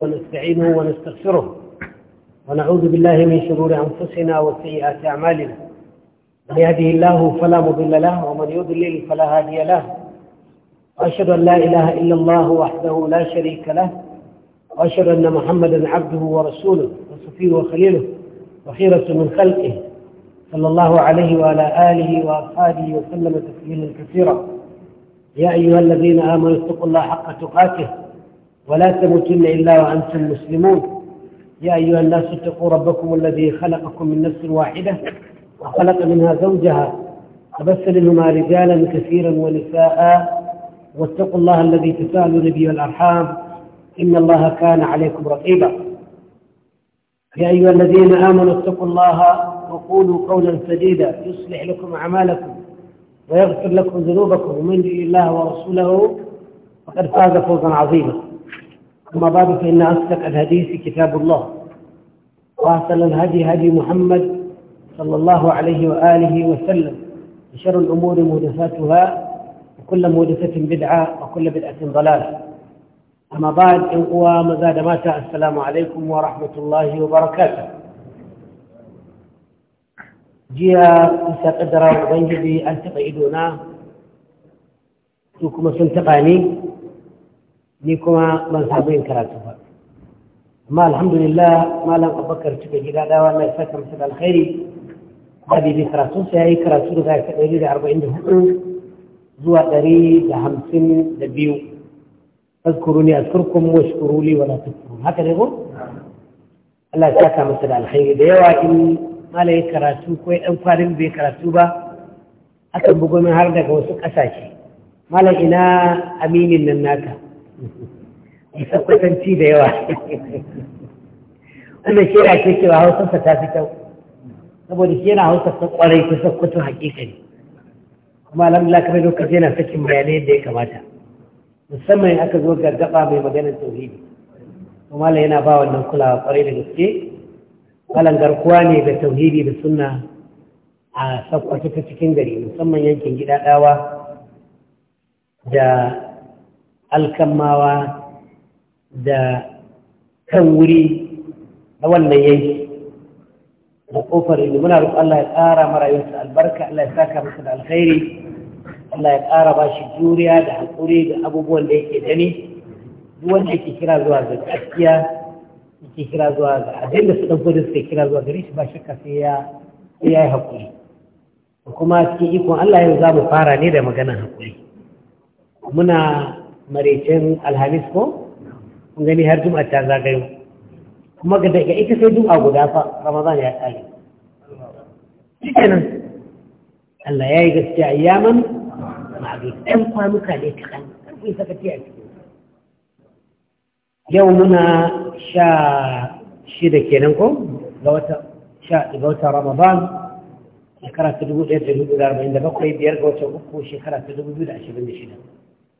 ونستعينه ونستغفره ونعوذ بالله من شرور أنفسنا وسيئات أعمالنا من يهده الله فلا مضل له ومن يضلل فلا هادي له وأشهد أن لا إله إلا الله وحده لا شريك له وأشهد أن محمدا عبده ورسوله وصفيه وخليله وخيرة من خلقه صلى الله عليه وعلى آله وأصحابه وسلم تسليما كثيرا يا أيها الذين آمنوا اتقوا الله حق تقاته ولا تموتن إلا وأنتم مسلمون يا أيها الناس اتقوا ربكم الذي خلقكم من نفس واحدة وخلق منها زوجها وبث منهما رجالا كثيرا ونساء واتقوا الله الذي تسالون به والأرحام إن الله كان عليكم رقيبا يا أيها الذين آمنوا اتقوا الله وقولوا قولا سديدا يصلح لكم أعمالكم ويغفر لكم ذنوبكم ومن يطع الله ورسوله فقد فاز فوزا عظيما أما بعد فإن أصدق الحديث كتاب الله وأصل الهدي هدي محمد صلى الله عليه وآله وسلم وشر الأمور مهدفاتها وكل مهدفة بدعة وكل بدعة ضلالة أما بعد إن قوى مزاد مات السلام عليكم ورحمة الله وبركاته جيا إسا قدر وغنجبي أن إدونا سوكما سنتقاني ni kuma ban samu yin karatu ba amma alhamdulillah malam abubakar cika gida dawa na isa kamsa da alkhairi ba da bai karatu sai ya yi karatu da zai kaɗari da arba'in da hudu zuwa ɗari da hamsin da biyu tazkuru ne a turkun wasu kuruli na tazkuru haka ne ko Allah ya saka masa da alkhairi da yawa in malam ya karatu ko ya ɗan kwarin bai karatu ba akan bugumin har daga wasu ƙasashe malam ina aminin nan naka isa ci da yawa wannan shi yana ce cewa hausarsa ta fi kyau saboda shi yana hausarsa kwarai ta sakkwato hakikani kuma alhamdulillah kamar lokaci yana sakin bayanai yadda ya kamata musamman aka zo gargaba mai maganar tauhidi kuma yana ba wannan kulawa kwarai da gaske malam garkuwa ne da tauhidi da sunna a sakkwato ta cikin gari musamman yankin gida dawa da alkamawa da kan wuri na wannan yanki da kofar inda muna roƙon Allah ya ƙara marayuwarsa albarka Allah ya saka masa da alkhairi Allah ya tsara ba shi juriya da haƙuri da abubuwan da yake dani duk wanda yake kira zuwa ga gaskiya yake kira zuwa ga abin da su ɗan gudun suke kira zuwa gare shi ba shakka sai ya yi haƙuri kuma cikin ikon Allah yau za mu fara ne da maganar haƙuri muna مريتين الهانسكو وغني هر جمعه تازا غيو ما قد ايك ايك سيدو او قد افا رمضان يا تالي تكنا اللا يا ايقس تي اياما معبيد ام قامك عليك خان ارفين سكتي عليك يومنا شا شيدك ينكو لوتا شا لوتا رمضان شكرا تدبو جد جد جد جد جد جد جد جد جد جد جد جد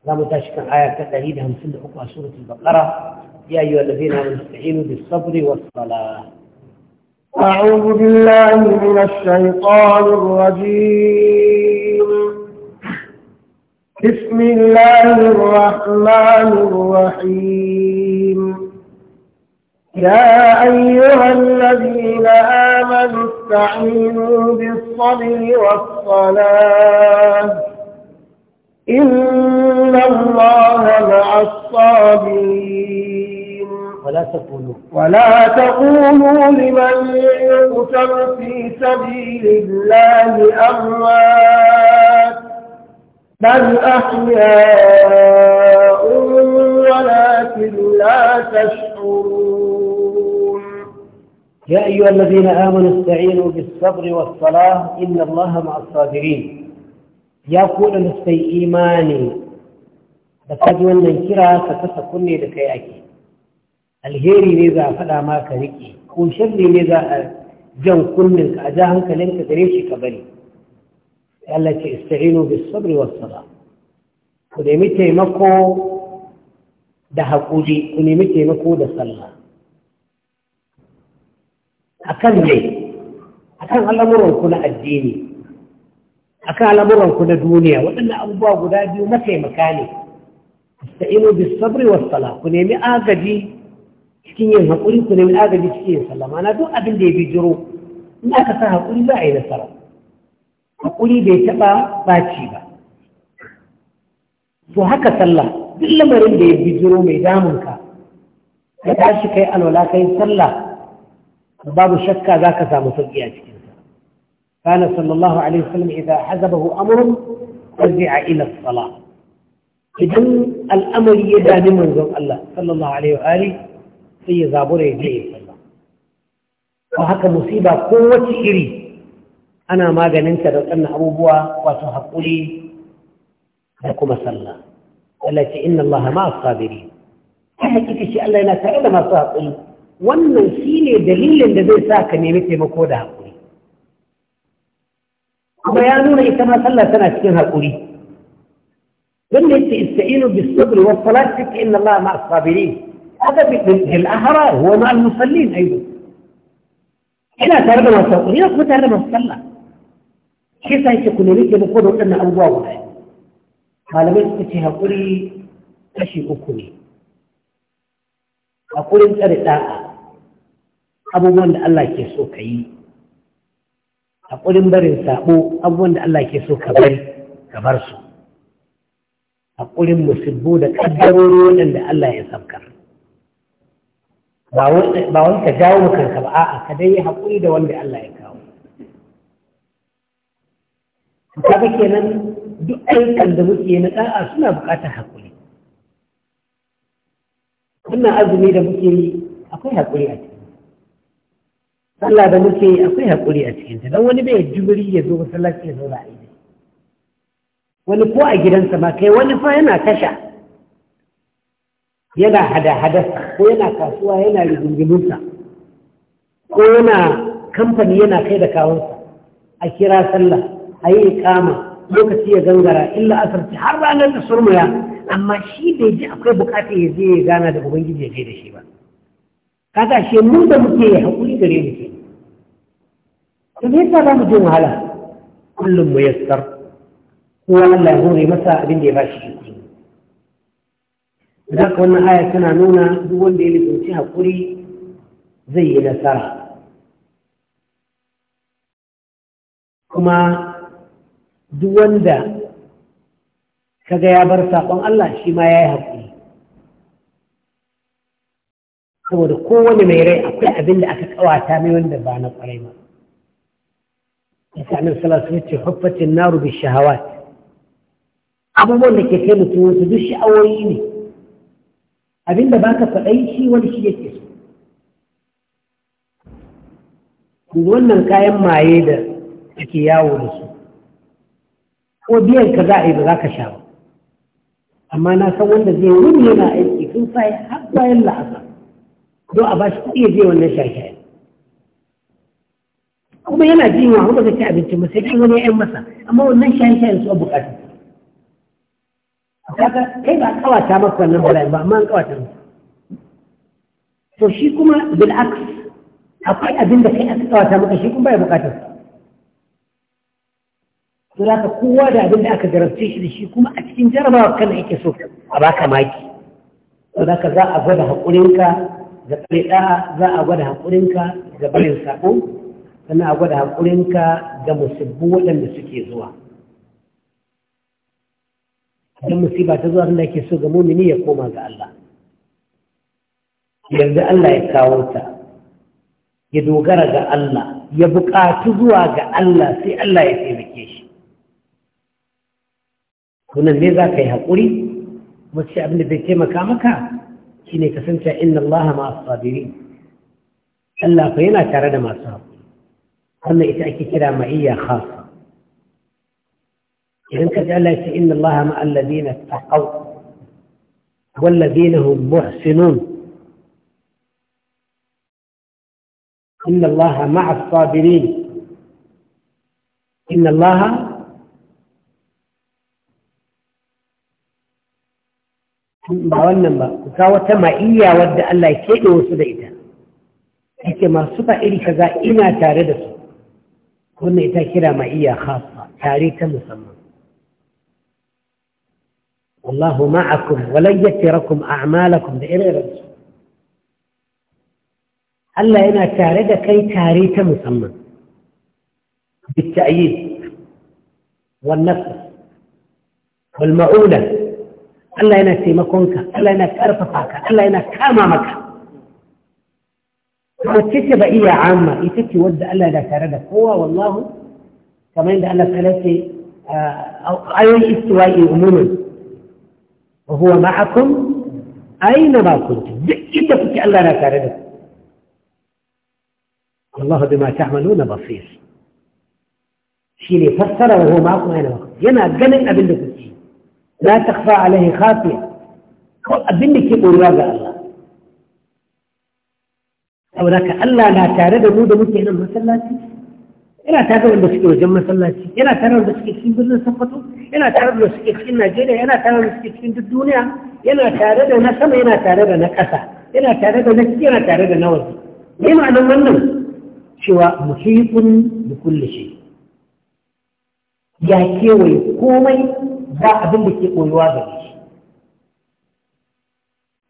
زامو تاشكن آية تقريبا هم سنة أقوى سورة البقرة يا أيها الذين آمنوا استعينوا بالصبر والصلاة أعوذ بالله من الشيطان الرجيم بسم الله الرحمن الرحيم يا أيها الذين آمنوا استعينوا بالصبر والصلاة إن إن الله مع الصابرين ولا تقولوا ولا تقولوا لمن يقتل في سبيل الله أموات بل أحياء ولكن لا تشعرون يا أيها الذين آمنوا استعينوا بالصبر والصلاة إن الله مع الصابرين يا كل في إيماني da kaji wannan kira ka kasa kunne da kai ake alheri ne za a faɗa ma ka riƙe ko sharri ne za a jan kunnen ka a ja hankalinka gare shi ka bari Allah ce isti'inu bis sabri was sala ku nemi taimako da haƙuri ku nemi taimako da sallah akan ne akan al'amuran ku na addini akan al'amuran ku na duniya waɗannan abubuwa guda biyu mataimaka ne ista'inu bis sabri was sala ku nemi agaji cikin yin hakuri ku nemi agaji cikin yin sala, mana duk abin da ya bijiro in aka sa hakuri ba a yi nasara hakuri bai taɓa baci ba to haka sallah duk lamarin da ya bi bijiro mai damun ka ka tashi kai alwala kai sallah babu shakka za ka samu sauki a cikin كان صلى الله عليه وسلم إذا حزبه أمر رجع إلى الصلاة idan al'amari ya dami manzon Allah sallallahu alaihi wa ali sai ya zabura ya je ya sallah ko haka musiba ko wace iri ana maganin ta da wannan abubuwa wato hakuri da kuma sallah Allah ce inna Allah ma as-sabirin kai hakika shi Allah yana tare da masu hakuri wannan shine dalilin da zai sa ka nemi taimako da hakuri kuma ya nuna ita ma sallah tana cikin hakuri لما استعينوا بالصبر والصلاة فك إن الله مع الصابرين هذا بالأهرار هو مع المصلين أيضا ina tare da masu haƙuri ina kuma tare da masu sallah shi sa yake kuma nake da waɗannan abubuwa guda malamai suka haƙuri kashi uku ne haƙurin tsare ɗa'a abubuwan da Allah ke so ka yi haƙurin barin saɓo abubuwan da Allah ke so ka bari ka bar su haƙurin musibbu da ƙaddarori waɗanda Allah ya saukar. ba wani ka jawo kanka ba a'a ka dai haƙuri da wanda Allah ya kawo ke kenan duk ayyukan da muke na ɗa'a suna buƙatar haƙuri wannan azumi da muke yi akwai haƙuri a ciki sallah da muke yi akwai haƙuri a cikinta don wani bai jubiri ya zo masallaci ya zauna a wani ko a gidansa ba kai wani fa yana tasha yana hada hada ko yana kasuwa yana rigunguminsa ko yana kamfani yana kai da kawunsa a kira sallah a yi kama lokaci ya gangara illa asarci har ranar da surmaya amma shi bai ji akwai bukata ya je ya gana da ubangiji ya je da shi ba kaga shi mu da muke ya haƙuri gare mu ke to me yasa mu jin wahala kullum mu yassar kowa Allah ya hore masa abin da ya bashi shi da haka wannan aya tana nuna duk wanda ya lisanci haƙuri zai yi nasara kuma duk wanda kaga ya bar saƙon Allah shi ma ya yi haƙuri saboda kowane mai rai akwai abin da aka kawata mai wanda ba na kwarai ba. Ya sa'anar salasu ce huffatin naru bi shahawat abubuwan da ke kai mutum wasu duk sha'awoyi ne abinda baka faɗai shi wani shi yake so wannan kayan maye da ake yawo da su ko biyan ka za a yi ba za ka sha ba amma na san wanda zai wuni yana aiki tun sai har bayan la'asa don a ba shi kuɗi ya je wannan shashayen kuma yana jin wa kuma ce ci abinci ba sai wani ya masa amma wannan shayin-shayin su a buƙatar kaga kai ba kawata maka wannan bala'in ba amma an kawata maka to shi kuma bil aks akwai abin da kai aka kawata maka shi kuma bai bukatar to ka kowa da abin da aka garabce shi da shi kuma a cikin jarabawa kana yake so a baka maki to ka za a gwada haƙurinka ga tsare za a gwada haƙurinka ga barin saƙo sannan a gwada haƙurinka ga musubbu waɗanda suke zuwa don musiba ta zuwa da ake so ga mumini ya koma ga Allah yanzu Allah ya kawo ta ya dogara ga Allah ya buƙatu zuwa ga Allah sai Allah ya taimake shi kunan ne za ka yi haƙuri mace abin da bai taimaka maka shi ne kasance inna Allah masu sabiri Allah fa yana tare da masu haƙuri wannan ita ake kira ma'iyya khas يعني تجعل ليس إن الله مع الذين اتقوا والذين هم محسنون إن الله مع الصابرين إن الله ما وانا ان كاوة ما إيا ود ألا يكيدوا سبعيدا إيكي ما سبع إلي كذا إنا تاردسوا كنا إتاكرا ما إيا خاصة wallahu ma'akum walan yattirakum a'malakum da irin Allah yana tare da kai tare ta musamman بالتأييد والنصر والمعونة الله ينا تيمكونك الله ينا كارفقاك الله ينا كامامك وتتي بقية عامة يتتي ود الله لا تردك هو والله كما عند الله تعالى أو أي استوائي عموما وهو معكم أينما كنتم إذا كنت ألا نتعرفت الله بما تعملون بصير شيني فسر وهو معكم أينما كنتم ينا قنن أبنك لا تخفى عليه خافية أبنك يقول أرواب الله أولاك ألا نتعرفت مودة مودة مودة مودة مودة yana tare da suke wajen masallaci yana tare da suke cikin birnin sakkwato yana tare da suke cikin najeriya yana tare da suke cikin duk duniya yana tare da na sama yana tare da na ƙasa yana tare da na ciki yana tare da na waje me ma'anar wannan cewa muhitun da kulle shi ya kewaye komai ba abin da ke koyuwa ga shi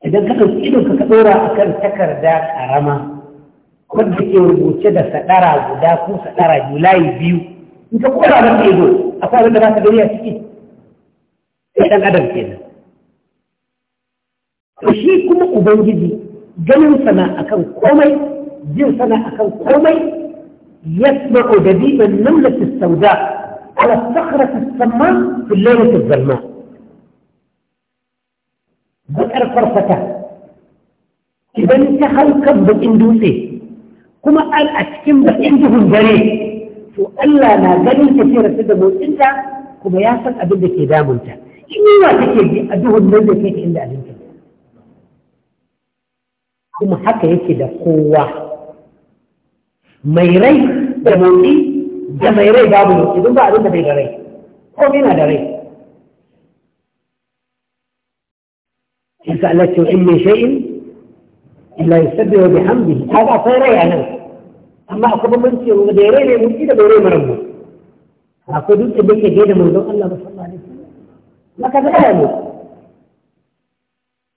idan ka ɗauki idon ka ɗora a kan takarda ƙarama wanda ke rubuce da sadara guda ko sadara biyu layi biyu in ka kora masa ido akwai abin da za ka gani a ciki sai dan adam kenan to shi kuma ubangiji ganin sana akan komai jin sana akan komai يسمع دبيب النملة السوداء على الصخرة السماء في الليلة الظلماء بكر فرصته إذا انت كم بالإندوسي kuma an a cikin bakin duhun dare to Allah na ganin tafiyar ta da motsinta kuma ya san abin da ke damunta in yi yiwa take bi a duhun nan da ke inda abinta ta kuma haka yake da kowa mai rai da motsi da mai rai babu motsi don ba abin da bai da rai ko yana da rai Allah ce إن من شيء إلا يسبح بحمده هذا صيري يعني أما أقوم منسي شيء وديري لي من كده ديري مرمو أقول أنت بيك جيدة من ذو الله صلى الله عليه وسلم ما كذا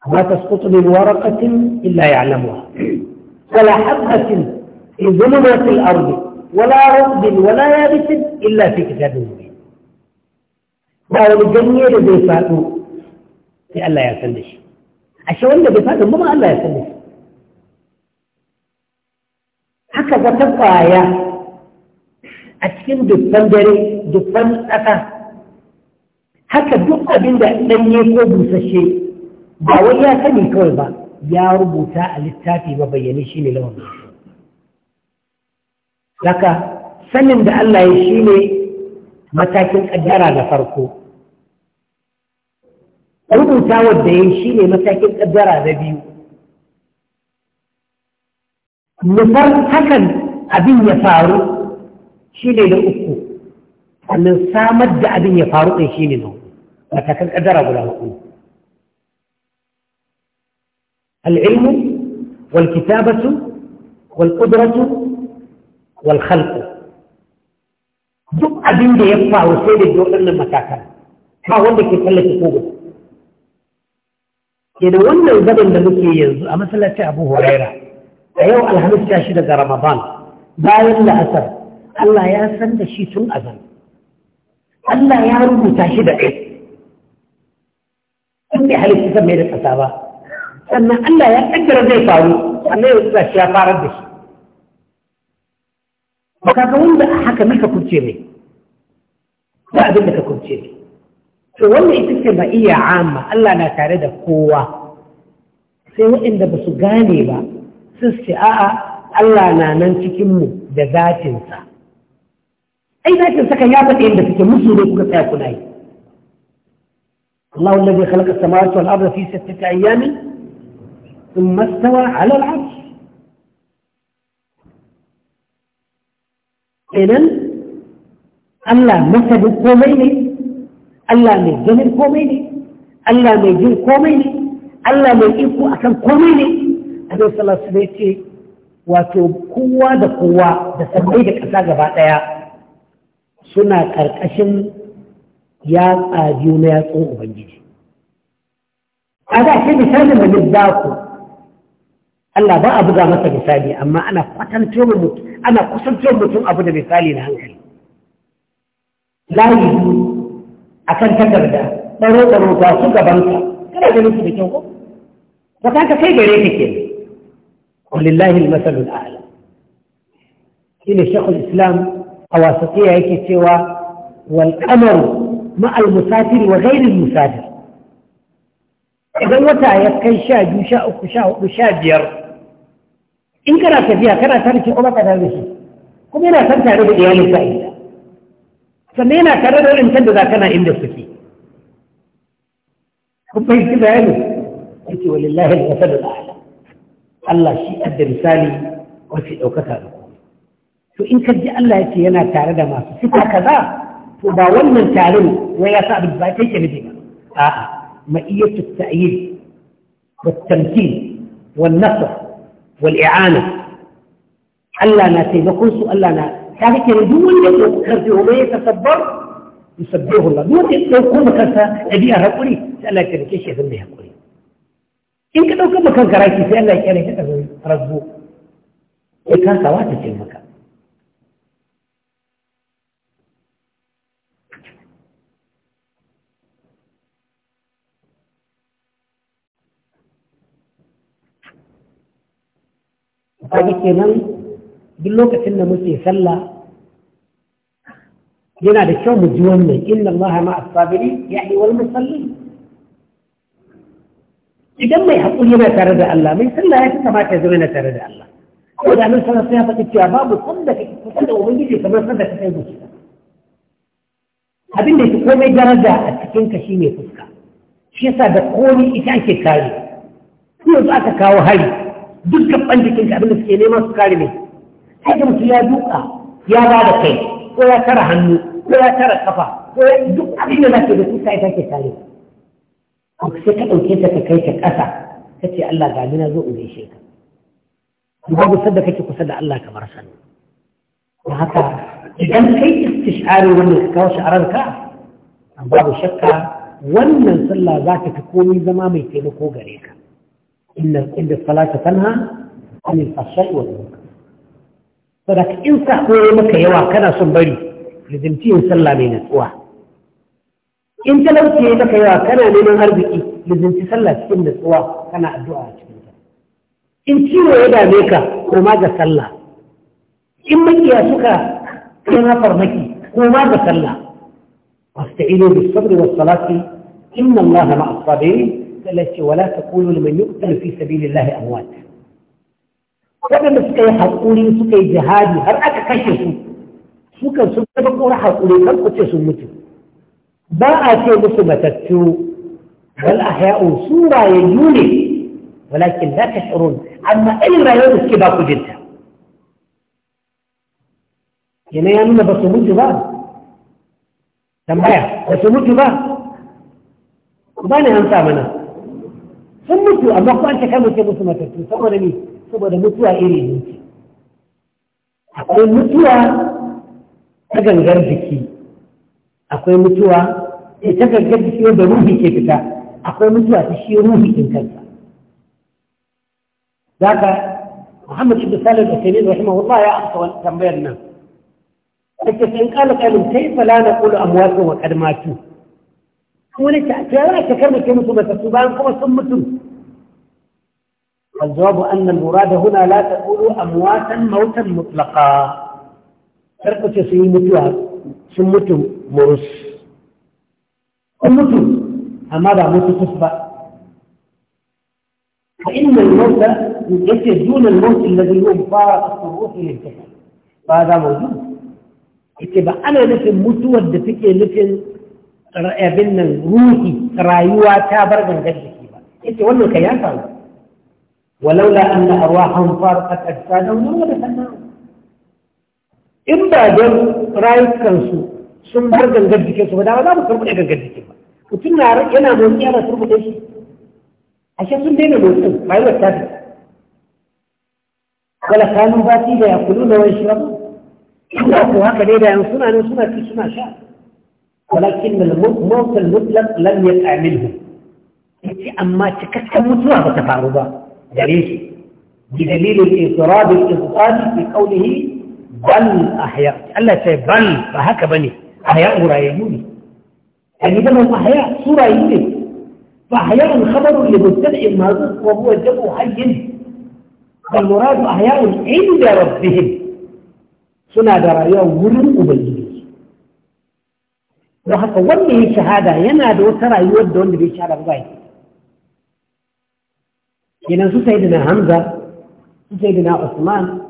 ما تسقط من ورقة إلا يعلمها ولا حبة في ظلمات الأرض ولا رطب ولا يابس إلا في كتاب مبين قالوا الجنية لذي فاتوا في الله يسلش أشياء اللي بفاتهم ما الله يسلش suka ga ta kwaya a cikin dukkan dare dukkan ƙasa haka duk abin da ɗanye ko busashe ba wai ya sani kawai ba ya rubuta a littafi ba bayyane shi ne lawan Saka sanin da Allah ya shi ne matakin ƙaddara na farko rubuta wadda ya shi ne matakin ƙaddara na biyu nufar hakan abin ya faru shi ne na uku sannan samar da abin ya faru ɗin shi ne na uku matakan ƙaddara guda uku al'ilmu wal kitabatu wal ƙudratu wal khalqu duk abin da ya faru sai da waɗannan matakan ba wanda ke tsallake ko guda ke da wannan zaben da muke yanzu a masallacin abu huraira a yau alhamis sha shida ga ramadan bayan la'asar Allah ya san da shi tun azan Allah ya rubuta shi da ɗaya in bai halitta san mai da ƙasa ba sannan Allah ya ƙaddara zai faru sannan ya rubuta shi ya farar da shi ba ka ga wanda haka maka kurce mai ba abin da ka kurce mai to wannan ita ce ba iya amma Allah na tare da kowa sai waɗanda ba su gane ba su a'a Allah na nan cikinmu da zatinsa ai zatin kan ya faɗi inda suke musu ne kuka tsaya kuna yi Allah wallazi khalaqa samawati wal arda fi sittati ayyamin thumma istawa 'ala al-'arsh idan Allah masanin komai ne Allah mai ganin komai ne Allah mai jin komai ne Allah mai iko akan komai ne Annabi sallallahu ne ce wato kowa da kowa da sabai da ƙasa gaba ɗaya suna ƙarƙashin ya biyu na yatsun Ubangiji. A da shi misalin da nizza ku, Allah ba a buga masa misali amma ana kwatanto mutum ana kusanto mutum abu da misali na hankali. Layi a kan takarda, ɗaro ɗaro ga su gabanka, kana ganin su da kyau ko? Ba ka kai gare ka kenan. ولله المثل الأعلى إلى شيخ الإسلام أواسطية هيك سوى والأمر مع المسافر وغير المسافر إذا وتا يكي شا جو شا أكو شا أكو شا بير إن كان تبيع كان تركي قمت هذا الشيء كم أنا تركي عدد إيالي سائلة سمينا كرر الإنسان ذا كان عند السكي كم بيكي بيالي ولله المثل الأعلى Allah shi da misali wafi ɗaukaka da kuma to in ka ji Allah ya ce yana tare da masu sifa kaza to ba wannan taron wai ya sa abin ba ta yake nufi ba a'a ma iya ma'iyyatu ta'yid wa tamkin wa nasr wa i'ana Allah na taimakon su Allah na ta kake duk wanda ya karfi wa ya tasabbar yusabbihu Allah duk wanda ya dauko kansa dabi'a haƙuri, sai Allah ya taimake shi ya zama haƙuri. in ka ɗauka bakan karaki sai Allah ya kyale ka daga rasbo ya wa ta ce maka kaga kenan duk lokacin da muke sallah yana da kyau mu ji wannan inna Allah ma as ya yahyi wal musallin idan mai haƙuri yana tare da Allah mai sallah ya fi kamata ya zama yana tare da Allah ko da nan sallah ya faɗi cewa babu sanda kake kusa da ubangiji kamar sanda ka kai zuciya abin da yake komai daraja a cikin ka shine fuska shi yasa da komai ita ake kare ko yanzu aka kawo hari duk gaban jikin ka abin da suke nema su kare ne sai da mutum ya duka ya ba da kai ko ya tara hannu ko ya tara kafa ko duk abin da zaka da kusa ita ka kare ko sai ka ɗauke ta ka kai ta ƙasa ka ce Allah ga na zo in gaishe ka babu sadda kake kusa da Allah kamar sani da haka idan kai istishari wannan ka kawo ka babu shakka wannan sallah za ta fi komi zama mai taimako gare ka inda salata tanha anil fashai wa zuwa sadaka in sa ya maka yawa kana son bari lizimci yin sallah mai natsuwa in talauci ya maka yawa kana neman arziki lizinci sallah cikin nutsuwa kana addu'a a cikin ta in ciwo ya dame ka koma ga sallah in makiya suka kan hafar maki koma ga sallah wasta'inu bis sabri was salati inna allaha ma'as sabirin salati wala taqulu liman yuqtalu fi sabilillahi amwat waɗanda suka yi hakuri suka yi jihadi har aka kashe su sukan sun zama ƙura haƙuri kan ku ce sun mutu ba a ce musu matattu wal ahya'u su rayayyu ne walakin la tash'urun amma irin rayuwar da suke ba ku jinta yana ya nuna ba su mutu ba tambaya ba su mutu ba ku ba ne an sa mana sun mutu amma ku an ce kama ce musu matattu saboda ni saboda mutuwa iri ne akwai mutuwa ta gangar jiki akwai mutuwa ta shi jiki da ruhi ke fita akwai mutuwa ta shi ruhi din kansa zaka Muhammad ibn Salim al-Sayyid rahimahullah ya amsa tambayar nan ake san kala kalin kai fa la naqulu amwatu wa qad matu kuma ne ta ta ta karma ke mutu ba su bayan kuma sun mutu الجواب أن المراد هنا لا تقول أمواتا موتا مطلقا تركوا mutuwa sun mutu. murus kun mutu amma ba mutu kus ba فإن الموت يأتي دون الموت الذي هو مفارقة الروح للجسد فهذا موجود يبقى أنا نفهم متوى الدفكي نفهم abin nan ruhi rayuwa ta bar gangar jiki ba yace wannan kai ya faru walaula anna arwahum farqat ajsadahum la sanna in ba dan rayukan su sun bar gangar jikin su ba da za mu turbuɗe gangar jikin ba mutum na yana motsi yana turbuɗe shi ashe sun daina motsin ba yi wata da wala kanu ba ti da ya kulu na wani shirar ina ko haka dai da yan suna ne suna ci suna sha walakin da mawutar mutlak lam ya kamilhu yace amma cikakken mutuwa ba ta faru ba gare shi بدليل الإضطراب الإضطراب في قوله بل أحيا الله يقول بل فهك بني أحياء ورايوني يعني إذا الأحياء صورة يوني فأحياء الخبر اللي لمبتدئ المعروف وهو جمع حي فالمراد أحياء عند ربهم سنة درايا ورن أبيني وحتى وانه شهادة ينادى وترى يودون وانه بشهادة بغاية يعني سيدنا همزة سيدنا عثمان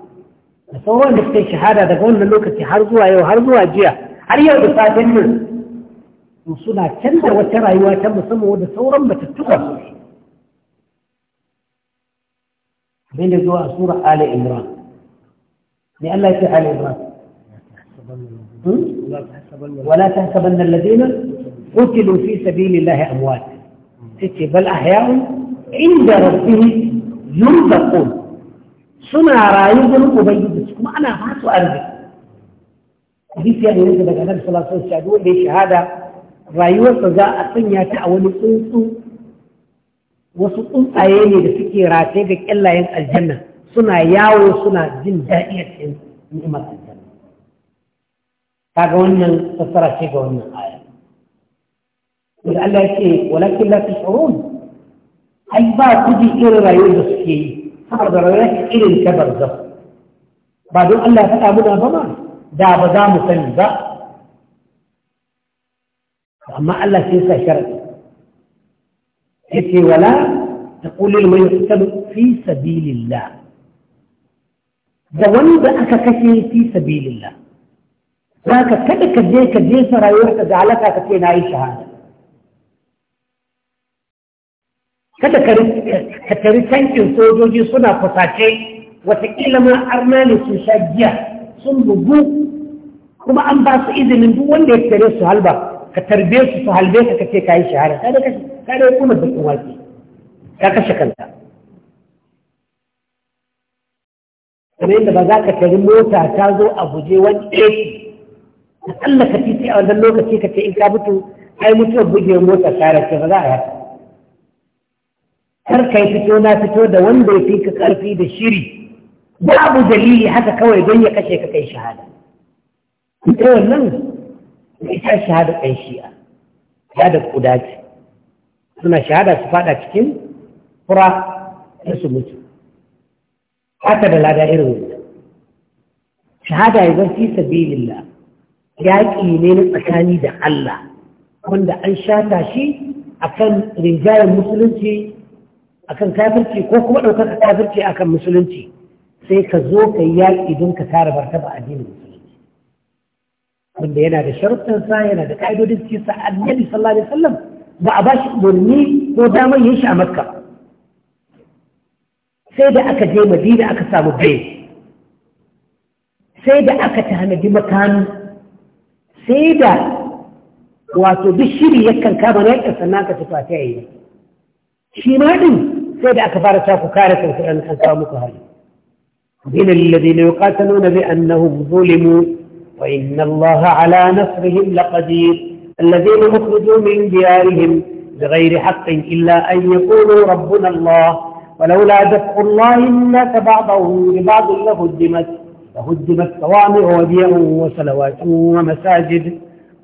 da نفتي شهادة suka shahada daga wannan lokaci har zuwa har yau da safen nan suna canza wata rayuwa ta musamman wadda sauran matattuwa bai da zuwa a sura ala imran ne Allah ya ce ala imran ولا تحسبن الذين قتلوا في سبيل الله أموات تتي بل أحياء عند ربهم يرزقون سنا رايزن أبيض كما أنا ما سؤال hadisi ya inganta daga annabi sallallahu alaihi wasallam duk wanda ya shahada rayuwarsa za a sanya ta a wani tsuntsu wasu tsuntsaye ne da suke rataye da kyallayen aljanna suna yawo suna jin daɗi a cikin ni'imar aljanna ga wannan fassara ce ga wannan aya da Allah ya yake walakin la tashurun ai ba ku ji irin rayuwar da suke yi saboda rayuwar irin ta barzakh ba don Allah ya faɗa muna ba ma da ba za mu sani ba amma Allah sai sa sharadi yace wala taqulu mai yuqtalu fi sabilillah da wanda aka kashe fi sabilillah ka kada ka je ka jefa rayuwarka ga alaka ka ce yi shahada kada ka tari tankin sojoji suna fasace watakila ma arna ne sun sha sun bugu kuma an ba su izinin duk wanda ya tare su halba ka tarbe su su halbe ka kace ka yi shahara ka dai ka dai kuma da kuma ki ka kashe kanta kamar yadda ba za ka tare mota ta zo a guje wani ɗaki ka ka titi a wannan lokaci ka ce in ka mutu ai mutuwar guje mota shahara ce ba za a yata kar ka yi fito na fito da wanda ya fi ka ƙarfi da shiri babu dalili haka kawai don ya kashe ka kai shahada ita wannan mai sa shahada ɗan shi'a shahada kuda ce suna shahada su fada cikin fura da su mutu haka da lada irin wannan shahada ya zafi sabilillah yaƙi ne na tsakani da Allah wanda an shata shi kan rinjayen musulunci a kan kafirci ko kuma ɗaukaka kafirci a kan musulunci sai ka zo ka yi yaƙi don ka tara martaba addinin musulunci wanda yana da sa yana da ƙa'idodin cikin sa annabi sallallahu alaihi wasallam ba a ba shi umarni ko damar yin shi a makka sai da aka je madina aka samu bai sai da aka tanadi makami sai da wato duk shiri yakan kama na yakin sannan ka tafi a ta yi shi ma din sai da aka fara ku kare kanku ɗan an kawo muku hari من الذين يقاتلون بأنهم ظلموا وإن الله على نصرهم لقدير الذين أخرجوا من ديارهم بغير حق إلا أن يقولوا ربنا الله ولولا دفع الله الناس بعضهم ببعض لهدمت لهدمت صوامع وبيع وصلوات ومساجد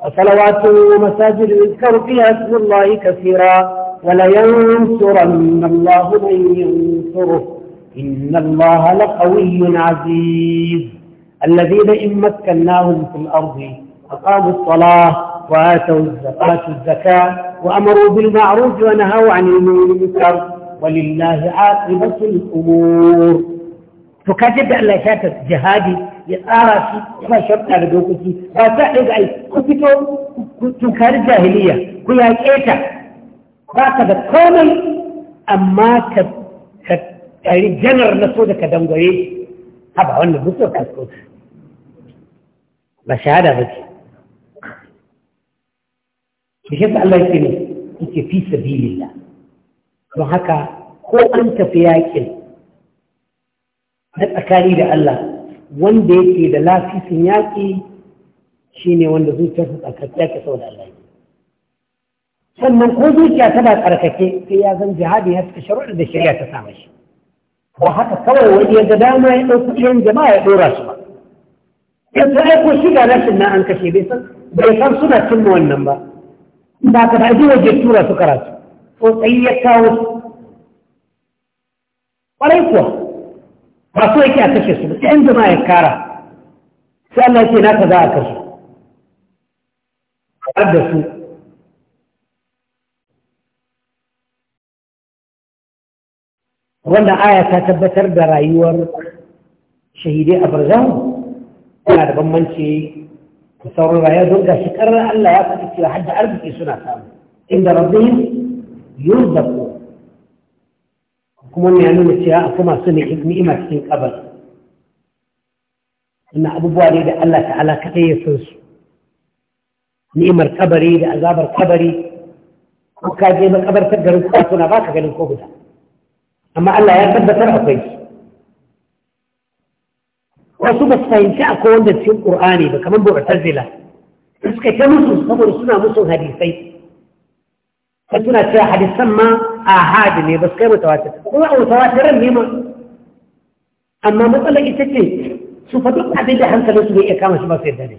وصلوات ومساجد يذكر فيها اسم الله كثيرا ولينصرن الله من ينصره إن الله لقوي عزيز الذين إن مكناهم في الأرض أقاموا الصلاة وآتوا الزكاة الزكاة وأمروا بالمعروف ونهوا عن المنكر ولله عاقبة الأمور فكاتب على شاتة جهادي يتعرى شيء ما شبتها بدوكتي فأتعرض أي كفتو تنكار جاهلية كي هاي إيتا فأتبت كومي أما كتب tsari janar na so daga ka dangware shi haba wannan mutuwar kasko ba shahada ba ce bishin da Allah yake ne yake fi da, don haka ko an tafi yakin na tsakani da Allah wanda yake da lafisin yaƙi shi ne wanda zuciyarsa tsarkake yake sau da Allah sannan ko zuciya ta ba tsarkake sai ya zan jihadi ya suka sharuɗa da shari'a ta samu shi وحتى قولوا يدداما يقصدين جماعة يقصدين يتأكو شكا لاش إنا أنك شي بيسا بيسار سنة كمو النمبا باك بعدين وجدتورة سكرات وطيئة كاوس وليكوا رسولك أكشي سنة عندما يكارا سأل الله يتناك ذا أكشي عبد السوق wannan aya ta tabbatar da rayuwar shahidai a barzan yana da bambanci da sauran rayuwa don ga shi karar Allah ya faɗi cewa hadda arziki suna samu inda rabbihim yurzaqu kuma ne ya nuna cewa akwai masu ni'ima cikin kabar ina abubuwa ne da Allah ta'ala kaɗai ya san su ni'imar kabari da azabar kabari ko ka je makabartar garin kwatuna ba ka ganin ko guda أما الله يكبت العقيد وصوبة فإنساء كون ذات شيء قرآني بكمان بأعتزلة بس كيف نصوص نقول سنة نصوص هديثي فتنا سيا حديث سمى آهادني بس كيف متواتر وقال الله متواترا مما أما مطلق التجري سوف تقع بيدي حمسة نصوص إيقامة شما في الدنيا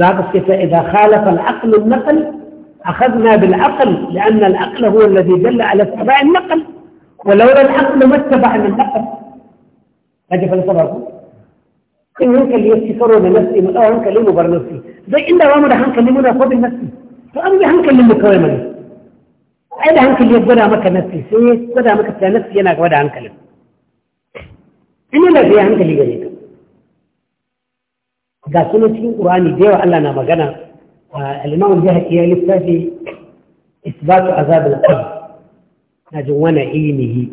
ذا بس كيف إذا خالف العقل النقل أخذنا بالعقل لأن العقل هو الذي دل على اتباع النقل ولولا العقل ما اتبع من النقل هذه فلسفة إن هنكلي يستفرون نفسي من أه هنكلي مبر نفسي زي إن وامر هنكلمنا فوق نفسي فأمي هنكلم كوامنا أين هنكلي يبدأ مك نفسي سيس بدأ مك نفسي أنا قد هنكلم إننا في هنكلي جريك ga sunan cikin ƙurani da yawa Allah na magana والإمام الجهل هي لسه إثبات عذاب القبر نجوانا إينه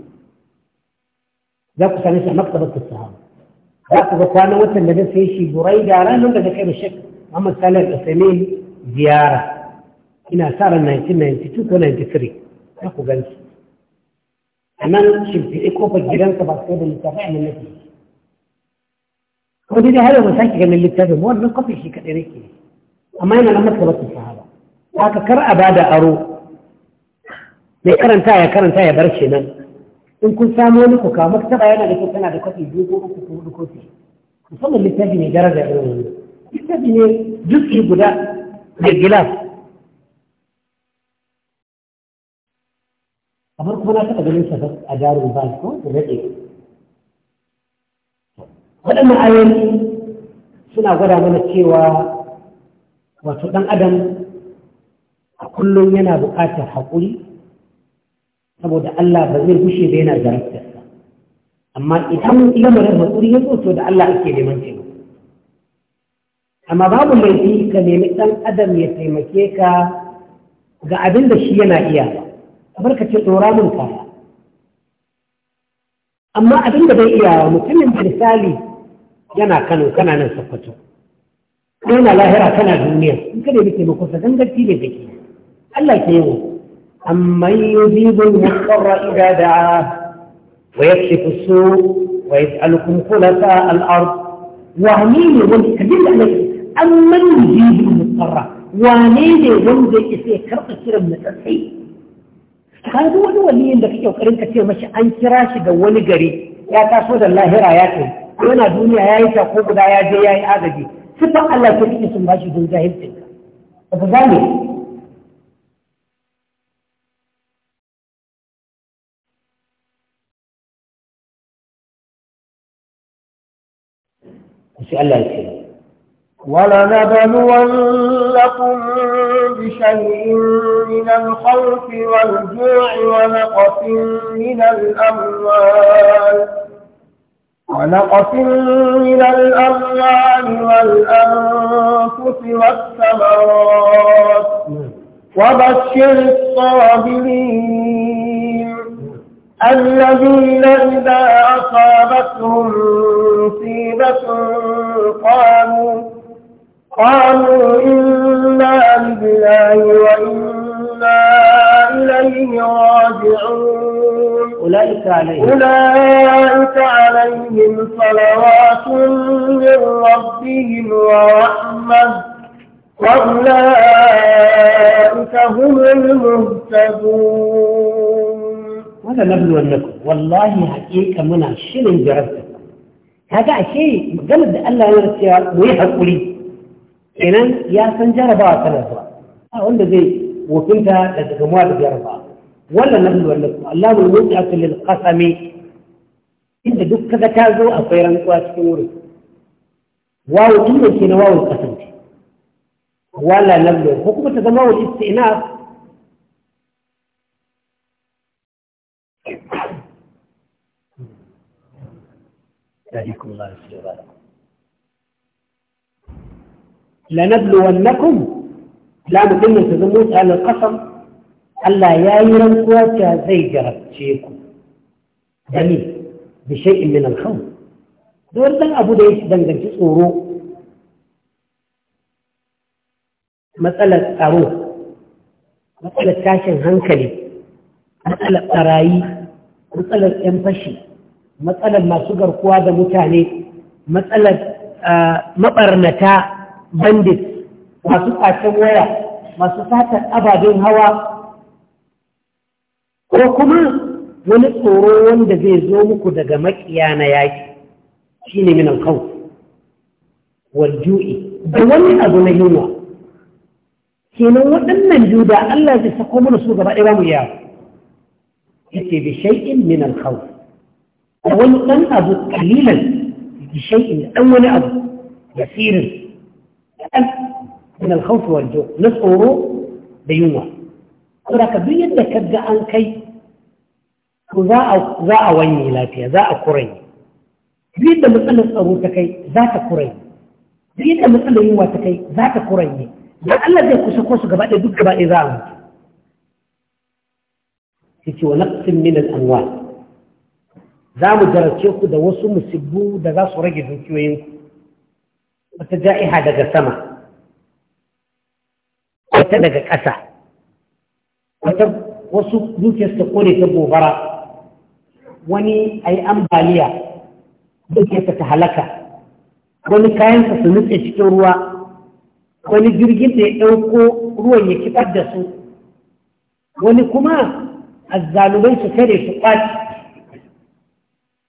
ذاك سنسى مكتبة الصحابة ذاك ذكوانا وانت الذي سيشي بريد على أنه ذكر الشكل أما صالح الأسلمين زيارة هنا صار 1992 و 93 ذاك غنسي أمان شبت إكوبة جيران تبع سيد الاتفاع من نفسه ودي دي هذا مساكي اللي الاتفاع مو أنه قفل شيء كده amma yana nan masabatun sahaba haka kar a bada aro mai karanta ya karanta ya bar shi nan in kun samu wani ku maktaba yana da kyau tana da kwafi biyu ko uku ko hudu kofi musamman littafi ne daraja irin wani littafi ne duki guda da gilas kamar kuma na taɓa ganin sa a jarin ba ko da daɗe waɗannan ayoyi suna gwada mana cewa wato ɗan adam a kullum yana buƙatar haƙuri saboda Allah ba zai gushe ba yana zaraftarsa amma idan lamarin haƙuri ya zo to da Allah ake neman taimako amma babu laifi ka nemi ɗan adam ya taimake ka ga abin da shi yana iya kamar ka ce ɗora min kaya amma abin da bai iya mutumin misali yana kano kana nan sakwato kana lahira kana duniya in kada yake maka sa gangarci ne kake Allah ke yi amma yujibu al-mudarra idza da'a wa yakshifu as-su' wa yaj'alukum khulafa al-ard wa amin wal kabil alai amma yujibu al-mudarra wa ne ne wanda yake karɓa kiran mutassai ka zo wani waliyin da kake kokarin ka ce mashi an kira shi da wani gari ya taso da lahira ya kai yana duniya yayi ta ko guda ya je yayi agaji sifar Allah ta rike sun bashi don jahilcin ka ba za ne sai Allah ya ce ولنبلونكم بشيء من الخوف والجوع ونقص من الأموال ونقص من الأموال والأنفس والثمرات وبشر الصابرين الذين إذا أصابتهم مصيبة قالوا قالوا إنا لله وإنا إليه راجعون أولئك عليهم أولئك عليهم صلوات من ربهم ورحمة وأولئك هم المهتدون هذا أنكم والله حقيقة منا شنو جربتكم هذا شيء قلب الله يرسل لي إذن يا سنجر ثلاثة أقول لك إيه؟ وكنت لتكموات في رضا ولا نبل ولكم الله الموضعة للقسم إن دك ذكاذو أفيرا نقواتك موري واو إن كنا واو القسم ولا نبل حكومة دماغ الاستئناف لا نبل ولكم lamu din ya zama mutane kasam Allah ya yi rantsuwa ta zai jarabce ku dani bi shay'in min al-khawf dole dan abu da yake danganci tsoro matsalar tsaro matsalar tashin hankali matsalar tsarayi, matsalar 'yan fashi matsalar masu garkuwa da mutane matsalar ah, maɓarnata bandit masu ƙacen waya masu satar ababen hawa ko kuma wani tsoro wanda zai zo muku daga makiya na yaki shi ne minan kawo walju'i da wani abu na yunwa kenan waɗannan juda Allah zai sako mana su gaba ɗaya ba mu yawa yake bi shay'in minan kawo da wani ɗan abu kalilan bi shay'in ɗan wani abu basirin ɗan min al-khawf na tsoro da yunwa saboda ka yadda ka ga an kai za a za wanye lafiya za a kuranye duk yadda matsalar tsaro ta kai za ta kuranye duk yadda matsalar yunwa ta kai za ta Allah zai kusa ko su gaba ɗaya duk gaba ɗaya za a mutu za mu ku da wasu musibbu da za su rage dukiyoyinku wata ja'iha daga sama wata daga ƙasa wata wasu dukiyar su kore ta gobara wani a yi ambaliya dukiyarsa ta halaka wani kayansa su nutse cikin ruwa wani jirgin da ya ɗauko ruwan ya kiɓar da su wani kuma azzalumai su kare su ƙwaci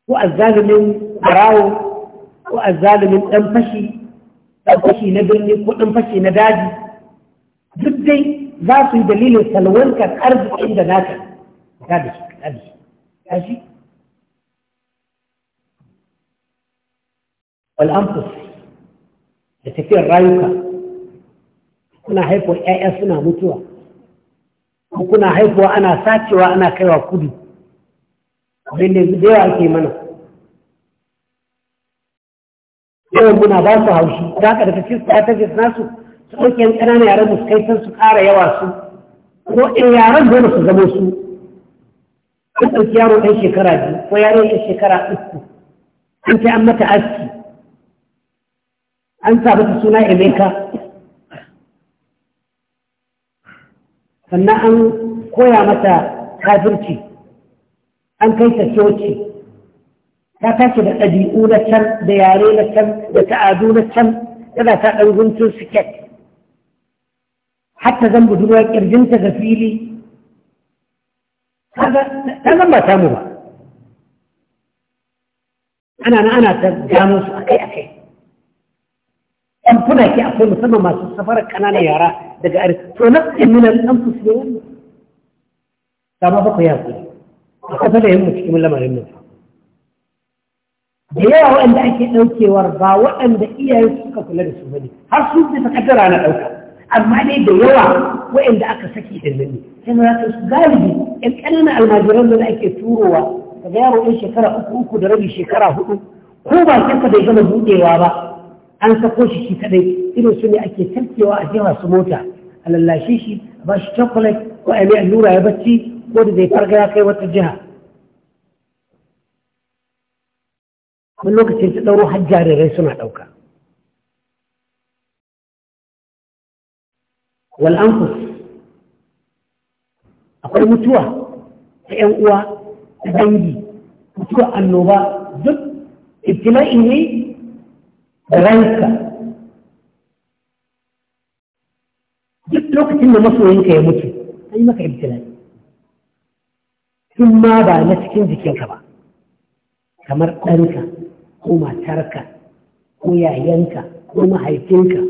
ko azzalumin ɓarawo ko azzalumin ɗan fashi ɗan fashi na birni ko ɗan fashi na daji dai za su yi dalilin salwantar arzikin da naka ka da shi ka da shi ka shi wal'amfus da tafiyar rayuka kuna haifuwa 'ya'ya suna mutuwa ko kuna haifuwa ana sacewa ana kaiwa kudu abin da da yawa ake mana yawan muna ba su haushi ta haka da ta ce nasu su ɗauki yan ƙananan yaran mu su kai san su ƙara yawa su ko in yaran dole su zamo su an ɗauki yaro ɗan shekara biyu ko yaro ɗan shekara uku an kai an mata aski an sa mata suna emeka sannan an koya mata kafirci an kai ta coci ta tashi da ɗabi'u na can da yare na can da ta'adu na can yana ta ɗan guntun siket حتى ذنب دلوقت ارجنت غفيلي هذا أنا ما تامبا أنا أنا أنا جاموس أكي أكي أم كنا كي أقول مثلا ما سفر انا نيارا دقا أريد فنقل من الأنفس يوم تاما بقى يأكل أخذ لهم مكتم لما لم نفع ديارة أن أكي أوكي وارضا وأن دقية يسوقك لرسوبني هل سوقني تقدر أنا أوكي amma dai da yawa waɗanda aka saki da nan sai na ta su galibi ƴan ƙananan almajiran da ake turowa daga yaro ɗan shekara uku uku da rabi shekara hudu ko ba kanka bai gama buɗewa ba an sako shi shi kaɗai irin su ne ake tafkewa a jefa su mota a lallashe shi a ba shi chocolate ko a mai allura ya bacci ko da zai farga ya kai wata jiha wani lokacin ta ɗauro har jarirai suna ɗauka wal akwai mutuwa ta yan uwa ta dangi mutuwa annoba duk ibtila'i ne da ranka duk lokacin da masoyinka ya mutu an yi maka ibtila'i sun ma ba na cikin jikinka ba kamar ɗanka ko matarka ko yayanka ko mahaifinka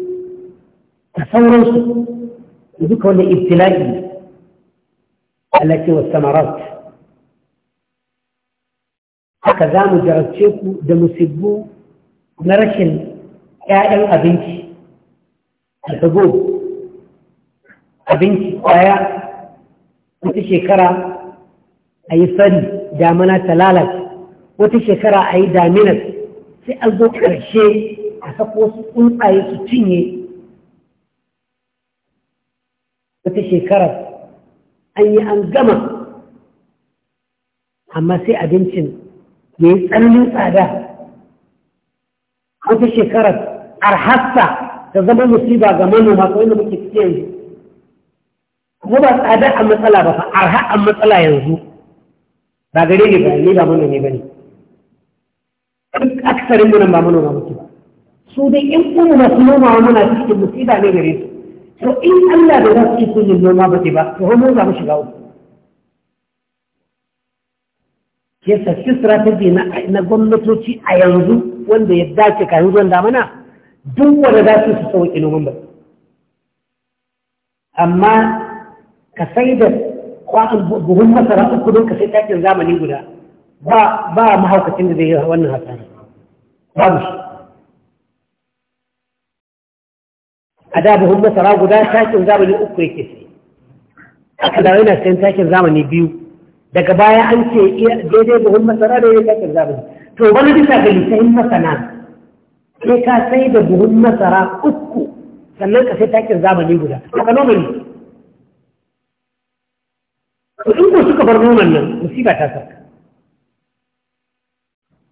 ta sauransu duka wannan ibtila'i Allah ce wa samarat haka za mu jarabce ku da musibbu na rashin ‘ya'yan abinci alfago abinci kwaya wata shekara a yi fari damana ta lalata wata shekara a yi daminar sai an zo ƙarshe a sako wasu tsuntsaye su cinye wata shekarar an yi an gama amma sai abincin ya yi tsananin tsada wata shekarar arhassa ta zama musiba ga manoma ko inda muke cike yanzu kuma ba tsada a matsala ba fa arha a matsala yanzu ba gare ne ba ne ba manomi ba ne aksarin munan ba manoma muke ba su dai in kuma masu nomawa muna cikin musiba ne gare su to in Allah da za su yi kullum noma ba ba to mun za mu shiga uku ke sassi strategy na gwamnatoci a yanzu wanda ya dace kayan zuwan damana duk wanda za su su sauƙi noman ba amma ka sai da buhun masara uku don ka sai takin zamani guda ba mahaukacin da zai yi wannan hasara babu shi a buhun masara guda takin zamani uku yake sai a dawo yana sayan takin zamani biyu daga baya an ce daidai buhun masara da yake takin zamani to wani bisa ga lisanin masana sai ka sai da buhun masara uku sannan ka sai takin zamani guda haka nomani in ko suka bar noman nan musiba ta saka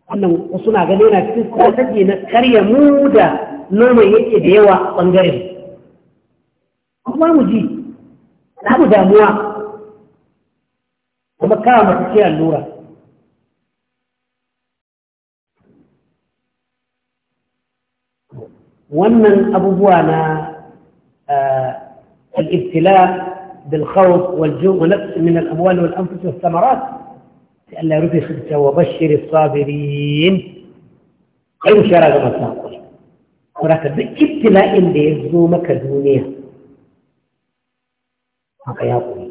wannan wasu na gani na cikin kwataji na karya muda. noman yake da yawa a ɓangaren kuma mu ji mu damuwa kuma kawo mata ce allura wannan abubuwa na الابتلاء بالخوف والجوع ونفس من الأموال والأنفس والثمرات لألا رفخت وبشر الصابرين أي شرع ما سنقول kuraka duk ibtila'in da ya zo maka duniya haka ya kuri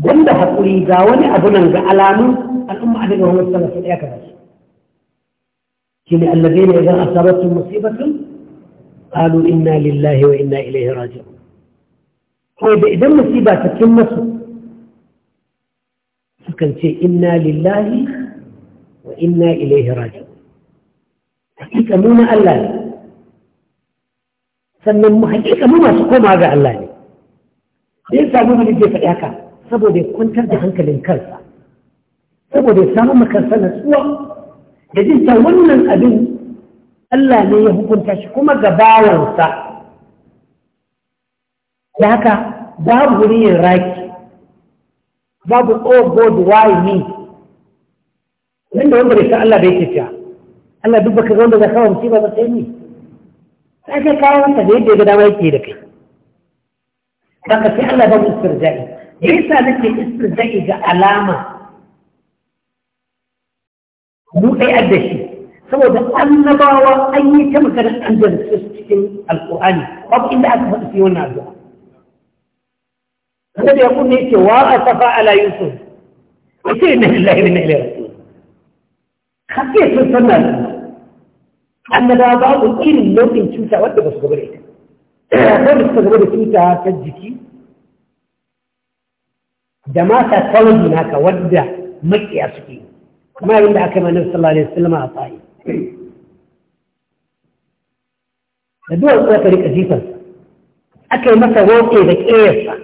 wanda haƙuri ga wani abu nan ga alamun al'umma a daga wani sana sun ɗaya kamar su shi ne allabe ne idan asabatun musibatun قالوا إنا لله وإنا إليه راجعون طيب إذا مصيبة تتمس فكان شيء إنا لله وإنا إليه راجعون hakika mu na Allah ne sannan mu hakika mu masu koma ga Allah ne da ya samu mu nake faɗi haka saboda ya kwantar da hankalin kansa saboda ya samu sana tsuwa da jin ta wannan abin Allah ne ya hukunta shi kuma ga bawansa da haka babu wurin raki babu oh god why me wanda wanda bai san Allah bai yake Allah duk baka wanda da kawo musiba ba sai ni sai ka kawo ta da yadda ga dama yake da kai haka sai Allah ba mu istirja'i yasa nake istirja'i ga alama mu dai addashi saboda annabawa an yi ta maganar an jarce su cikin alƙur'ani babu inda aka faɗi fi wannan addu'a kada da ya kunne yake wa asafa ala yusuf yace inna lillahi wa inna ilaihi raji'un kafiyatu sunnah annaba babu irin nau'in cuta wadda ba su gaba da ita ko da suka gaba da cuta ta jiki da mata tawaji naka wadda makiya suke kuma abin da aka yi manar sallallahu alaihi wasallam a tsaye da duwar tsoka rika jifansa aka yi masa roƙe da ƙeyarsa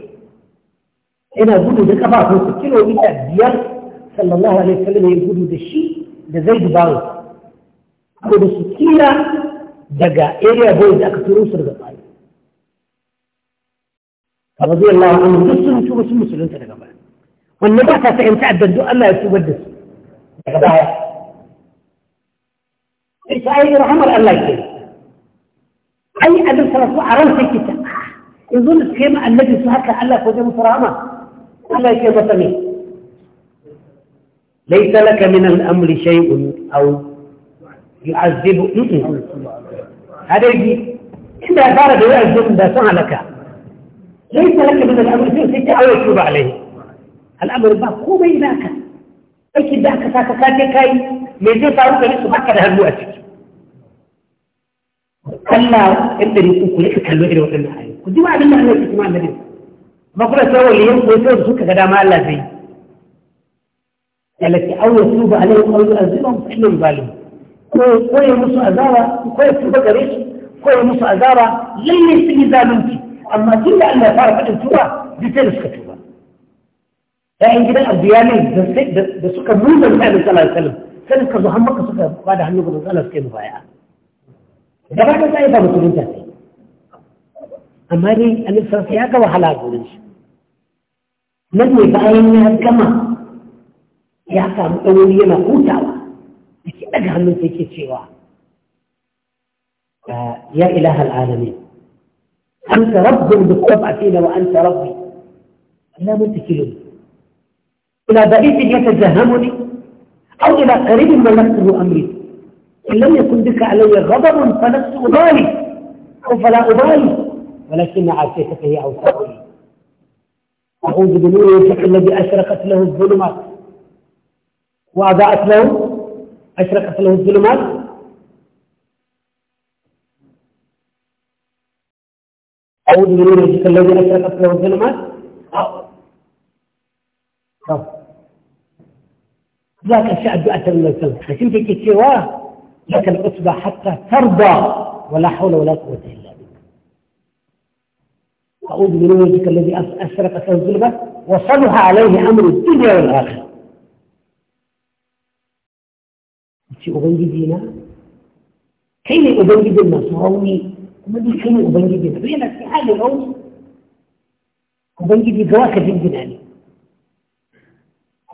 yana gudu da ƙafafunsa kilomita biyar sallallahu alaihi wasallam ya gudu da shi da zai dubawa ko da su tsira daga area boy da aka turo su daga baya a bazai Allah an yi sun tuba sun musulunta daga baya wannan ba ta sa'in ta'addar duk Allah ya tubar da su daga baya sai ta yi rahamar Allah ke ai adam sallallahu a ran sai kita yanzu da suka yi ma annabi su haka Allah ko zai musu rahama Allah ya ce masa ne laisa laka min al-amri shay'un aw يعذب هذا يجي إذا أثار يعذب ده لك ليس لك من الأمر ستة أو يتوب عليه الأمر بقى هو بينك أي كده كساك كاك كاي من ذي فاروق لسه بكر هالوقت كلا أنت يكون كل شيء كله إلى وقت النهاية كنت ما أدري أنا كنت ما أدري ما كنا سووا اللي يمكن يسوي سوك كذا ما الله زي التي اول يتوب عليهم أو يعذبهم فإنهم ظالمون ko ya musu azaba ko ya tuba gare su ko ya musu azaba lalle sun yi zalunci amma tun da Allah ya fara faɗin tuba bi sai da suka tuba ƴaƴan gidan abdiyanin da suka nuna mutane sallallahu alaihi wasallam sai suka zo har maka suka da hannu ga manzo Allah suka yi baya gaba ta sai ba musulunta sai amma dai annabi sallallahu ya ga wahala gurin shi nan ne bayan ya gama ya samu ɗan ɗauri yana hutawa أجهل من فيك سواه يا إله العالمين أنت رب بالطبع فينا وأنت ربي لا متكلم إلى بعيد يتجهمني أو إلى قريب ملكته أمري إن لم يكن بك علي غضب فنفس أبالي أو فلا أبالي ولكن عافيتك هي أوسعني أعوذ بنور وجهك الذي أشرقت له الظلمات وأضاءت له أشرقت له الظلمات أو بنور وجهك الذي أشرقت له الظلمات ذاك الشعب أتى من الكلب لكن في سواه لك الأصبع حتى ترضى ولا حول ولا قوة إلا بك أعوذ بنور وجهك الذي أشرقت له الظلمات وصلها عليه أمر الدنيا والآخرة ce ubangiji na kai ne ubangijin masu rauni kuma ni kai ne ubangiji na yana cikin halin rauni ubangiji ga ka jingina ne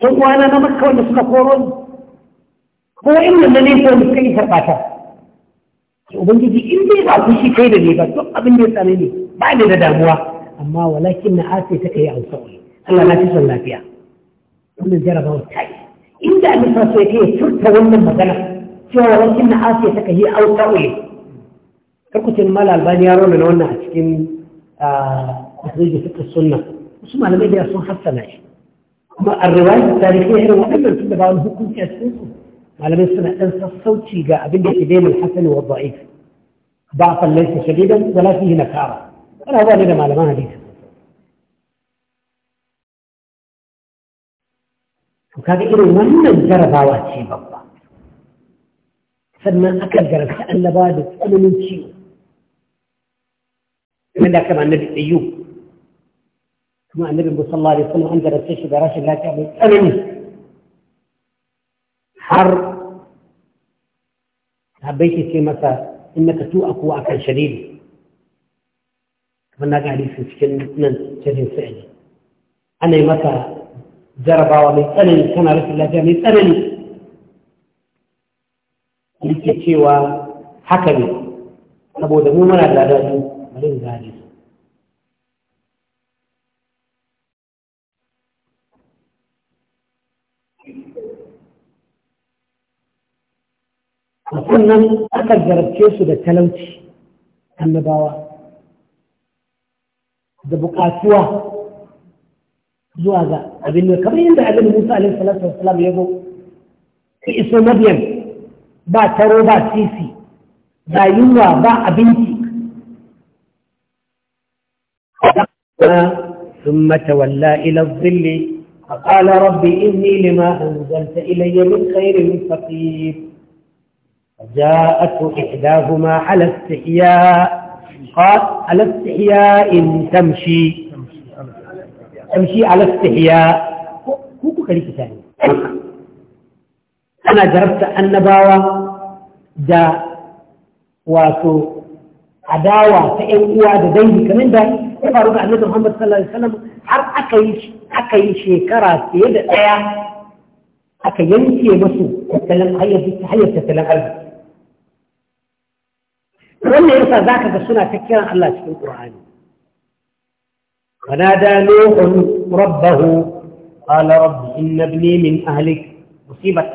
ɗan uwana na maka wanda suka koro ni ko in wanda ne ko ni kai karɓa ta ubangiji in dai ba ku shi kai da ne ba duk abin da ya same ni ba ne da damuwa amma walakin na ase ta kai an sauri Allah na fi son lafiya wannan jarabawa ta yi. inda alifansa ya kai furta wannan magana cewa wajen na asiya ta kayi auta ule karkucin mala albani ya rona na wannan a cikin asirin fitar sunna wasu malamai da sun hassana shi kuma a riwayar tarihi irin waɗannan tun da ba wani hukunci a cikin su malamai suna ɗan sassauci ga abin da ke daina hasani wa ba'if ba a fallon sa shadidan wala fihi nakara ana ba ne da malaman hadisi to kaga irin wannan jarabawa ce babba sannan aka jarabta annaba da tsananin ciwo kamar da aka annabi tsayu kuma annabi musallah da sunan an jarabta shi da rashin lafiya mai tsanani har sahabbai ke ce masa innaka tu'aku akan shadidi kamar na ga hadisin cikin nan cikin sa'idi ana yi masa jarabawa mai tsanani tana rashin lafiya mai tsanani yake cewa haka ne saboda mu muna da ladatu bari gane a sannan aka jarabce su da talauci annabawa da bukatuwa زواجا أبن كبرين ده أبن موسى عليه الصلاة يقول في اسم مريم با ترو با سيسي با يوا با أبنتي ثم تولى إلى الظل فقال ربي إني لما أنزلت إلي من خير فقير فجاءته إحداهما على استحياء قال على استحياء تمشي تمشي على استحياء كوكو كليك ثاني أنا جربت أن النباوة دا واسو عداوة تأم قوة دا دايني كمان دا يفاروك عبد محمد صلى الله عليه وسلم حرق أكيش أكيش كراس يدعى أكيانتي يمسو تسلم حيا في التحية تسلم قلبك وانا يرسى ذاك بسنا تكيرا الله شكرا القرآن فنادى نوح ربه قال رب إن ابني من أهلك مصيبة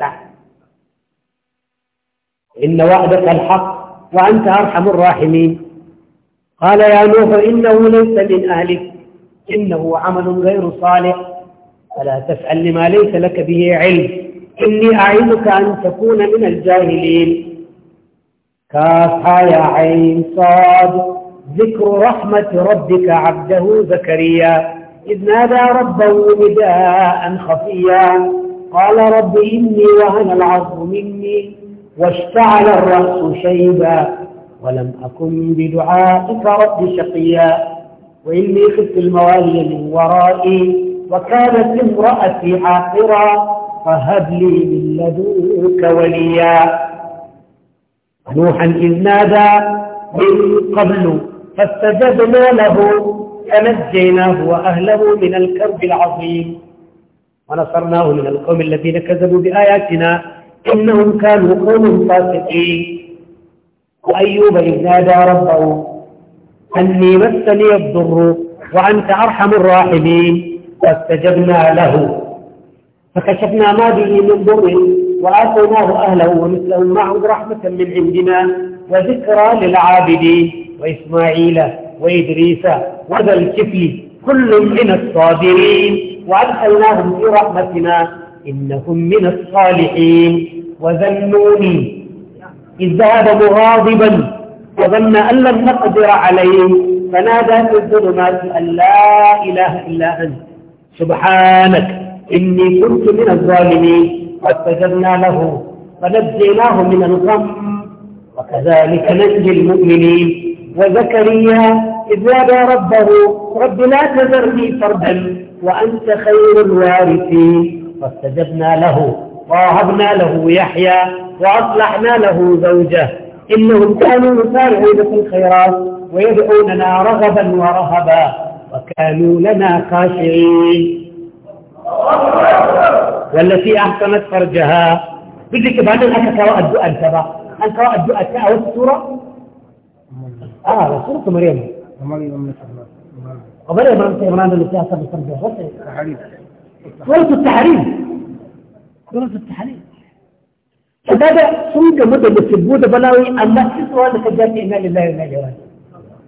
إن وعدك الحق وأنت أرحم الراحمين قال يا نوح إنه ليس من أهلك إنه عمل غير صالح فلا تسأل لما ليس لك به علم إني أعينك أن تكون من الجاهلين كافها يا عين صادق ذكر رحمة ربك عبده زكريا إذ نادى ربه نداء خفيا قال رب إني وهن العظم مني واشتعل الرأس شيبا ولم أكن بدعائك رب شقيا وإني خفت الموالي من ورائي وكانت امرأتي عاقرا فهب لي من لدنك وليا نوحا إذ نادى من قبل فاستجبنا له فنجيناه وأهله من الكرب العظيم ونصرناه من القوم الذين كذبوا بآياتنا إنهم كانوا قوم فاسقين وأيوب إذ نادى ربه أني مسني الضر وأنت أرحم الراحمين فاستجبنا له فكشفنا ما به من ضر وآتيناه أهله ومثلهم معه رحمة من عندنا وذكرى للعابدين وإسماعيل وإدريس وذا الكفل كل من الصابرين وأدخلناهم في رحمتنا إنهم من الصالحين وذنوني إذ ذهب مغاضبا وظن أن لم نقدر عليه فنادى في الظلمات أن لا إله إلا أنت سبحانك إني كنت من الظالمين فاستجبنا له فنجيناه من الغم وكذلك ننجي المؤمنين وزكريا إذ نادى ربه رب لا تذرني فردا وأنت خير الوارثين فاستجبنا له ووهبنا له يحيى وأصلحنا له زوجه إنهم كانوا يسارعون في الخيرات ويدعوننا رغبا ورهبا وكانوا لنا خاشعين والتي أحسنت فرجها بدك بعد أن تقرأ الدعاء تبع أن تقرأ الدعاء أو السورة آه سورة مريم ومريم أمة عمران ومريم أمة عمران اللي فيها سبع سبع التحريم سورة التحريم سورة التحريم فبدا سوق مدة بسبودة بلاوي ان نفس لك الجنة إنا لله وإنا إليه راجعون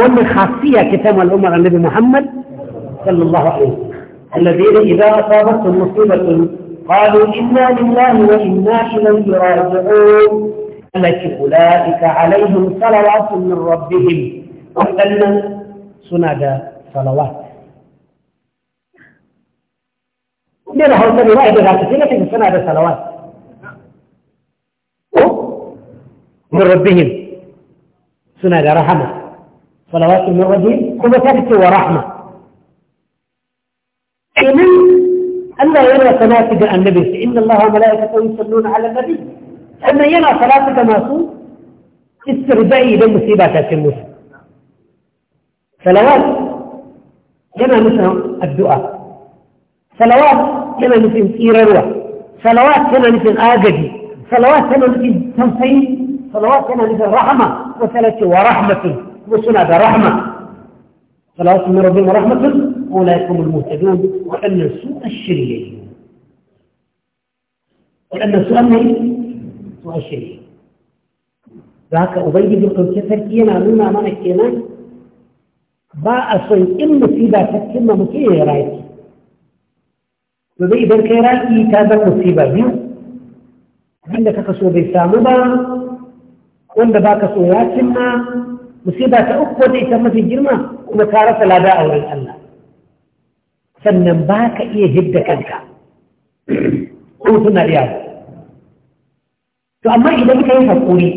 ورقم خاصية كتاب الأمة عن النبي محمد صلى الله عليه وسلم الذين إذا أصابتهم مصيبة قالوا إنا لله وإنا إليه راجعون التي أولئك عليهم صلوات من ربهم وأن سند صلوات لأن هو رواية بغاتفين لكن سنة صلوات من ربهم سند رحمة صلوات من ربهم كما تكتي ورحمة إذن الله يرى صلاة النبي إن الله وملائكته يصلون على النبي sannan yana falasuka masu istirja'i idan musiba ta cin musu salawat yana nufin addu'a salawat yana nufin tsirarwa salawat yana nufin agaji salawat yana nufin tamsayi salawat yana nufin rahama wasalace wa rahmatin kuma suna da rahma salawat min rabbin wa rahmatin أولئك هم المهتدون وأن سوء الشريعين وأن سوء zuwa shari'a za ka ubangiji ɗauki sarki yana nuna mana kenan ba a son in musiba ta cimma mutum ya raki to zai idan kai raki ta zan musiba biyu wanda kaka so bai samu ba wanda baka so ya cimma musiba ta uku wata ita mafi girma kuma ka rasa lada a wurin Allah sannan ba ka iya hidda kanka ko suna iya to amma idan ka yi haƙuri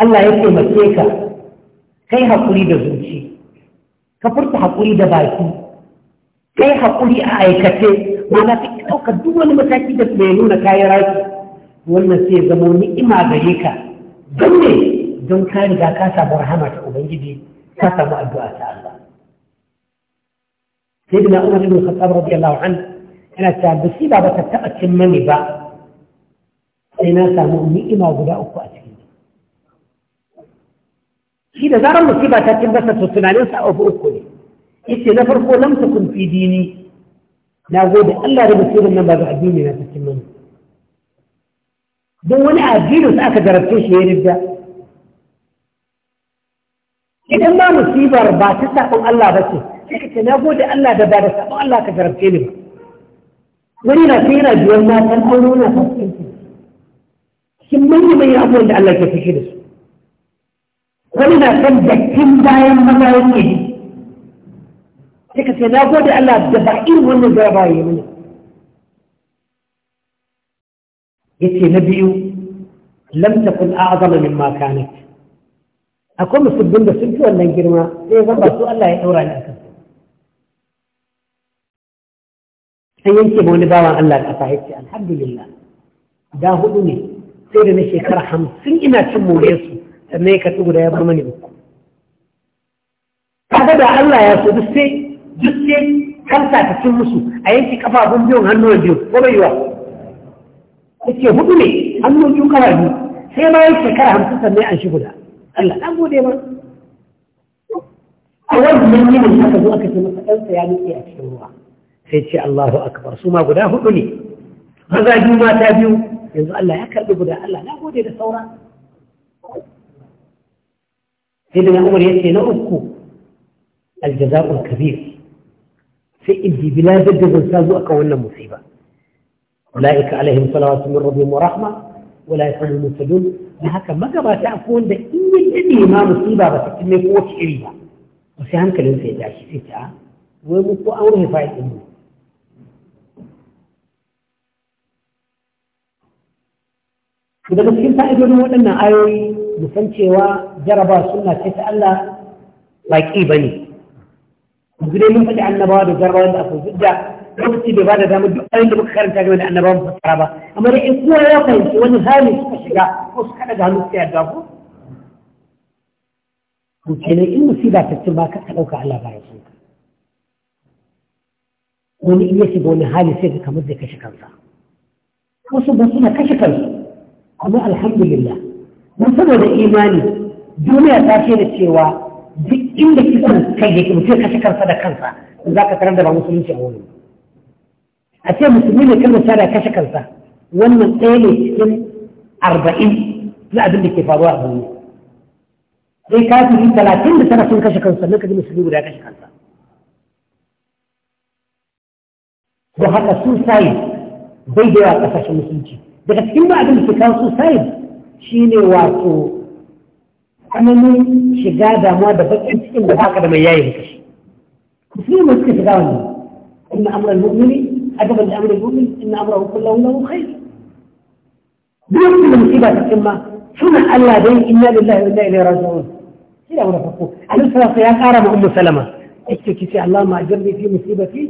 Allah ya taimake ka kai haƙuri da zuci ka furta haƙuri da baki kai haƙuri a aikace mana ka ɗauka duk wani mataki da mai nuna kayan raki wannan sai zama ni'ima gare ka don ne don ka riga ka samu rahama ta ubangiji ka samu addu'a ta Allah sai da na'urar umar ibn khattab radiyallahu anhu yana ta basiba ba ta taɓa cin mani ba أي ناسا مؤمن إما غدا أكو أتكين كده زارة مصيبة تكين بس تتنالين سأوف أكولي إتي نفر فو لم تكن في ديني لا غدا ألا ربسير النبا بعديني ناسا من دون ولا عدينه سأكا جربتش هي ربدا إذا ما مصيبة ربا تسأقوا الله بس كده نفر الله دبا دسأقوا الله كجربتيني ولينا فينا جوالنا تنقلونا تنقلونا cikin manyan manyan abubuwan da Allah ke fushi da su wani na kan dattin bayan maza yake ji sai ka sai na gode Allah da ba irin wannan jaraba ya mana ce na biyu kun a a'zama min makanik. akwai musulmin da sun fi wannan girma sai zama su Allah ya daura ni akan sai yanke ma wani bawan Allah da ya ce alhamdulillah da hudu ne sai da na shekara hamsin ina cin more su sannan ya karɓi guda ya bar mani uku kaga da Allah ya so duk sai duk sai kansa ta cin musu a yanki kafafun biyun hannuwan biyu ko bai yiwa yake hudu ne hannun biyu kawai biyu sai ma ya shekara hamsin sannan an shi guda Allah ɗan gode ma a wannan yinin aka zo aka ce masa ɗansa ya nutse a cikin ruwa sai ce Allahu akbar su ma guda hudu ne maza biyu mata biyu yanzu Allah ya karɓi guda Allah na gode da saura sai da umar ya ce na uku aljaza'ul kabir sai in bibi lazar da zan sazu akan wannan musiba ulaika alaihim salawatu min rabbihim wa rahma wa la yahzanu mutadun da haka magabata akwai wanda in yi dade ma musiba ba ta kime ko iri ba ba sai sai ya tashi fita, ta wai mu ko an rufe fa'idin mu to daga cikin fa'idodin waɗannan ayoyi mu san cewa jaraba suna ce ta Allah baki bane yanzu dai mun faɗi annabawa da jarabawa da aka zudda lokaci bai ba da damar duk abin da muka karanta game da annabawan fassara ba amma dai in kowa ya fahimci wani hali suka shiga ko suka daga hannu suka yarda ko to kenan in musiba ta ci ba ka ka ɗauka Allah ba ya so ka wani in ya shiga wani hali sai ka kamar zai kashe kansa wasu ba suna kashe kansu kuma alhamdulillah don saboda imani duniya ta ce da cewa duk inda kisan kai yake mutum kashe kansa da kansa za ka tarar da ba musulunci a wani a ce musulmi ne kan da kashe kansa wannan ɗaya ne cikin arba'in na abin da ke faruwa a duniya sai kafiri talatin da tara sun kashe kansa nan ka ji musulmi guda kashe kansa don haka sun sayi bai da yawa ƙasashen musulunci daga cikin ba da ke kawo suicide shine wato tsananin shiga damuwa da bakin cikin da baka da mai yayi maka shi shiga إن أمر المؤمن أجب لأمر المؤمن إن أمره كله له خير بيكتب المصيبة تتم ثم ألا دي إنا لله وإنا إليه راجعون إلى أولا فقو عليه الصلاة والسلام أرى أم سلمة أشتكي في اللهم أجرني في مصيبتي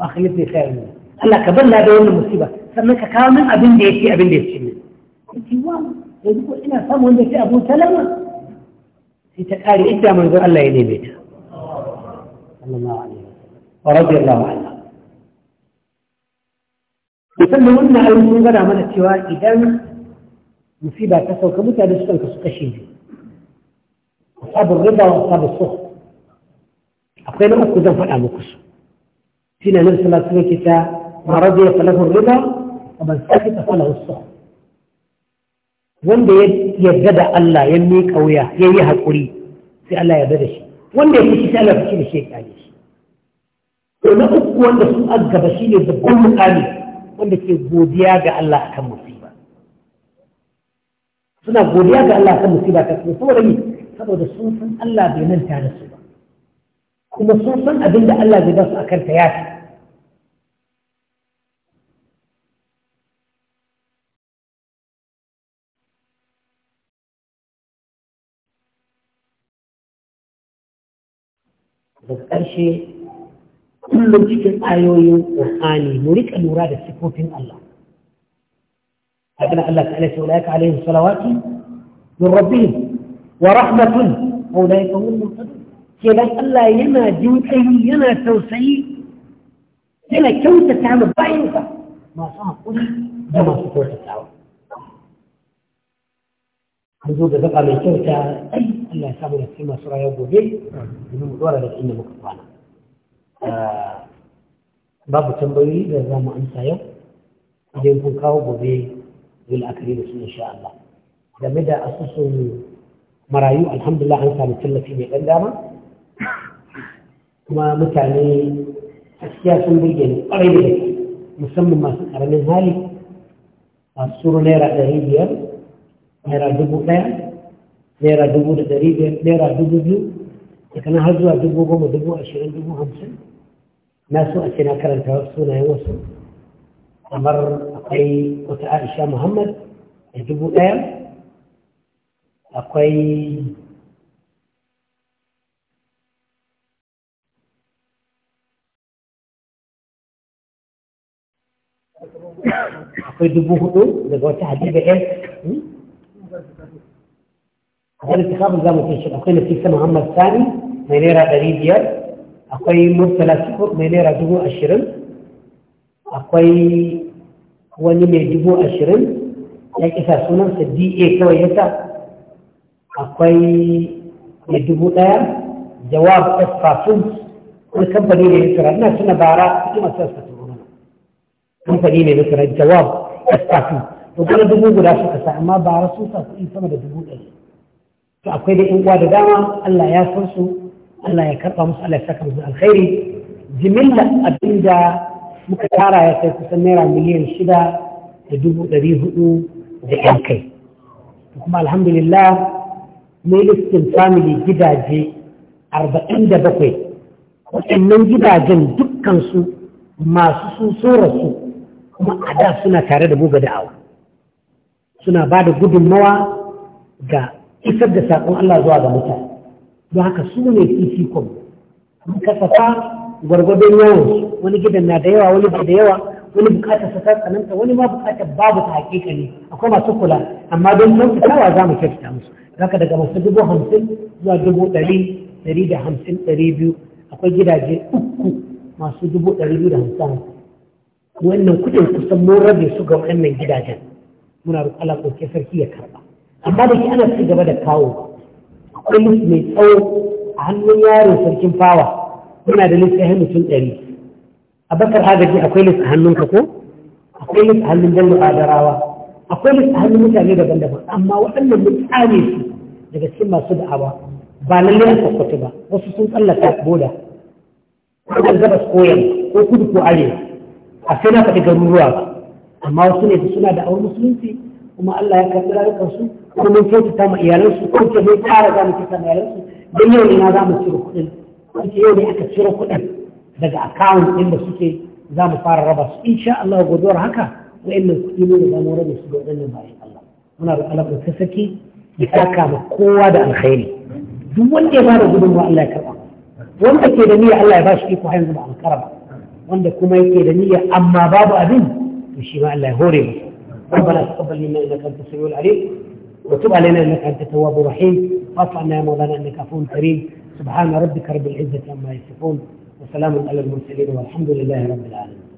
وأخلتني خير منها ألا كبر لا دي المصيبة سمك كامل أبن ديتي أبن ديتي كنت يوام يقول إنا فهم وإن ديتي أبو سلمة في تكاري إدى من ذو الله يدي بيته صلى الله عليه وسلم ورضي الله عنه يسمون أن المسلمين قد عمل اتواء إدام مصيبة تسوى كبوتا دستان كسقشين أصاب الرضا واصحاب الصخ أقول لكم كذا فأنا مقصر فينا نرسل الله سبحانه وتعالى ما رضي فله الرضا فمن سكت فله السخط wanda ya yarda da Allah ya miƙa wuya ya yi haƙuri sai Allah ya da shi wanda ya fi sai Allah fi da shi ya kyale shi to na uku wanda sun aggaba shi ne babban mukami wanda ke godiya ga Allah akan musiba suna godiya ga Allah akan musiba ta kuma saboda saboda sun san Allah bai nan ta da su ba kuma sun san abin da Allah bai ba su akan ta ya ce kullum cikin ayoyin ƙur'ani mu riƙa lura da sifofin Allah haka Allah ta'ala ce ulaika alaihim salawati min rabbihim wa rahmatun ulaika hum muhtadun Allah yana jinkai yana tausayi yana kyautata ma bayinsa masu hakuri da masu kyautatawa Mu zo da zaba mai kyauta, Allah ya samu da cikin masu rayuwa gobe domin mu dora da inda muka kwana ah, babu tambayoyi da zamu amsa yau idan kun kawo gobe zai la'akari da su insha Allah game da asusun marayu alhamdulillah an samu tallafi mai ɗan dama kuma mutane gaskiya sun burge ni ƙwarai da musamman masu ƙaramin hali masu naira ɗari biyar naira dubu ɗaya naira dubu da ɗari biyar naira dubu biyu daga nan har zuwa dubu goma dubu ashirin dubu hamsin na so a ce na karanta wasu sunayen wasu kamar akwai wata aisha muhammad da dubu ɗaya akwai akwai dubu hudu daga wata hadiza yan akwai littafin za mu kai akwai littafin muhammad sani mai naira ɗari biyar akwai murtala sukur mai naira dubu ashirin akwai wani mai dubu ashirin ya kisa sunansa da kawai ya sa akwai mai dubu ɗaya jawab esfafun wani kamfani ne nusra ina suna bara cikin masu esfafun kamfani ne nusra jawab esfafun to kuma dubu guda suka sa amma ba rasu sa kuɗi sama da dubu ɗari to akwai da uwa da dama Allah ya san su Allah ya karɓa musu Allah ya saka musu alkhairi jimilla abin da muka tara ya kai kusan naira miliyan shida da dubu ɗari hudu da yan kai kuma alhamdulillah melistin family gidaje arba'in da bakwai waɗannan gidajen dukkansu masu sun so kuma a da suna tare da buga da'awa suna ba da gudunmawa ga isar da saƙon Allah zuwa ga mutane don haka su ne fifikon an kasafa gwargwadon yawon wani gidan na da yawa wani ba da yawa wani bukatar sa tsananta wani ma bukatar babu ta hakika ne akwai masu kula amma don kyautatawa za mu kyautata musu zaka daga masu dubu hamsin zuwa dubu ɗari ɗari da hamsin ɗari biyu akwai gidaje uku masu dubu ɗari biyu da hamsin wannan kuɗin kusan mun rabe su ga waɗannan gidajen muna roƙon Allah sarki ya karba amma da shi ana ci gaba da kawo akwai list mai tsawo a hannun yarin sarkin fawa muna da list ɗaya mutum ɗari a bakar agaji akwai list a hannunka ko akwai list a hannun bello adarawa akwai list a hannun mutane daban-daban amma waɗannan mun tsare su daga cikin masu da'awa ba lalle an kwakwata ba wasu sun tsallaka boda ko gabas ko ko kudu ko arewa a sai na faɗi garuruwa ba amma wasu ne suna da awar musulunci kuma Allah ya karɓi su ko mun kyautata ma iyalansu ko ce mun tsara za mu kyautata ma iyalansu Dan yau ne na za mu cire kuɗin kuke yau ne aka cire kuɗin daga akawun ɗin da suke za mu fara raba su insha Allah godowar haka wa'annan kuɗi ne da za mu raba su ga waɗannan bayan Allah muna da Allah ta saki ya saka ma kowa da alkhairi duk wanda ya bada gudunmawa Allah ya karɓa wanda ke da niyya Allah ya ba shi iko har yanzu ba an wanda kuma yake da niyya amma babu abin وشي ما الله يهوري ربنا تقبل منا انك انت السميع العليم وتب علينا انك انت التواب الرحيم واطعنا يا مولانا انك عفو كريم سبحان ربك رب العزه عما يصفون وسلام على المرسلين والحمد لله رب العالمين